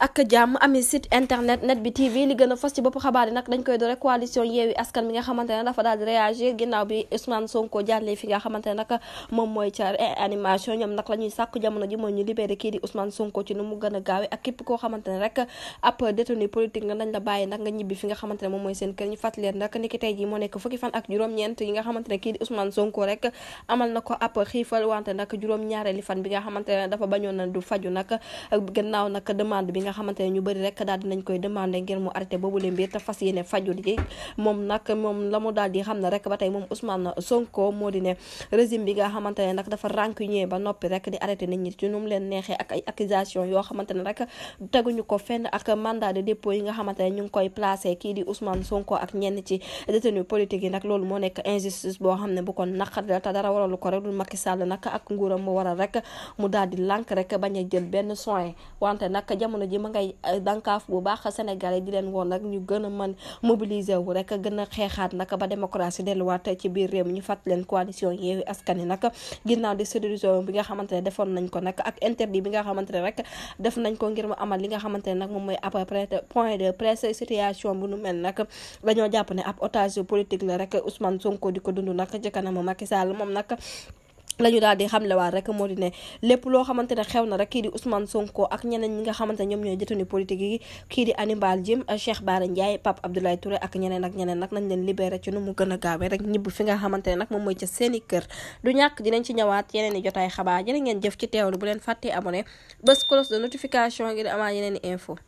ak jàmm ami site internet bi tv li gën a fas ci bopp xabaar yi dañ koy doore coalition yeewi askan bi nga xamante ne dafa daal di réagir bi nga xamante ne nag moom mooy ca réanimation a gaawe ak képp koo xamante ne rek ab détenu politique nga dañ la bàyyi nag nga ñibbi fi nga moom moo nekk fukki fan ak juróom-ñeent na ko ab xiifal fan bi nga xamante ne dafa bañoon na du faju nag gannaaw nag demande bi yi nga xamante ne ñu bëri rek daal dinañ koy demandé ngir mu arrêté boobu le mbir te fas yéene moom nag moom di xam ne rek ba tey moom Ousmane Sonko moo di ne régime bi nga xamante ne nag dafa rancunier ba noppi rek di arrêté nit ñi ci nu mu leen neexee ak ay yoo xamante ne rek teguñu ko fenn ak mandat de yi nga xamante ne ñu ngi koy placé kii di Ousmane Sonko ak ñenn ci détenu politique yi nag loolu moo nekk injustice boo xam ne bu ko naqari la te dara waralu ko rek dul Macky Sall nag ak nguuram mu waral rek mu daal di lànk rek bañ a jël benn soin wante nag jamono ji ma ngay euh, dankaaf bu baax sénégalais di leen woon nag ñu gën a mën mobiliser wu rek gën a xeexaat naka ba démocratie delluwaat ci biir réew mi ñu fàtt leen coalition Yewwi Askan Wi nag ginnaaw di séduction bi nga xamante ne defoon nañ ko nag ak interdit bi nga xamante ne rek def nañ ko ngir mu amal li nga xamante ne nag moom mooy après point de presse situation bu nu mel nag dañoo jàpp ne ap otage politique la rek Ousmane Sonko di ko dund nag ci kanamu Macky Sall moom nag la ñu daal di xamlewaat rek moo di ne lépp loo xamante ne xew na rek kii di Ousmane Sonko ak ñeneen ñi nga xamante ne ñoom ñooy jëtuni politique yi kii di Hannibal Djim Cheikh Bara Ndiaye Pape Abdoulaye Touré ak ñeneen ak ñeneen nag nañ leen libéré ci nu mu gën a rek ñibb fi nga xamante ne nag moom mooy ca seeni kër du ñàkk dinañ ci ñawaat yeneen i jotaay xabaar jërë ngeen jëf ci teewlu bu leen fàttee abonné bés cloche de notification ngir amaat yeneen i info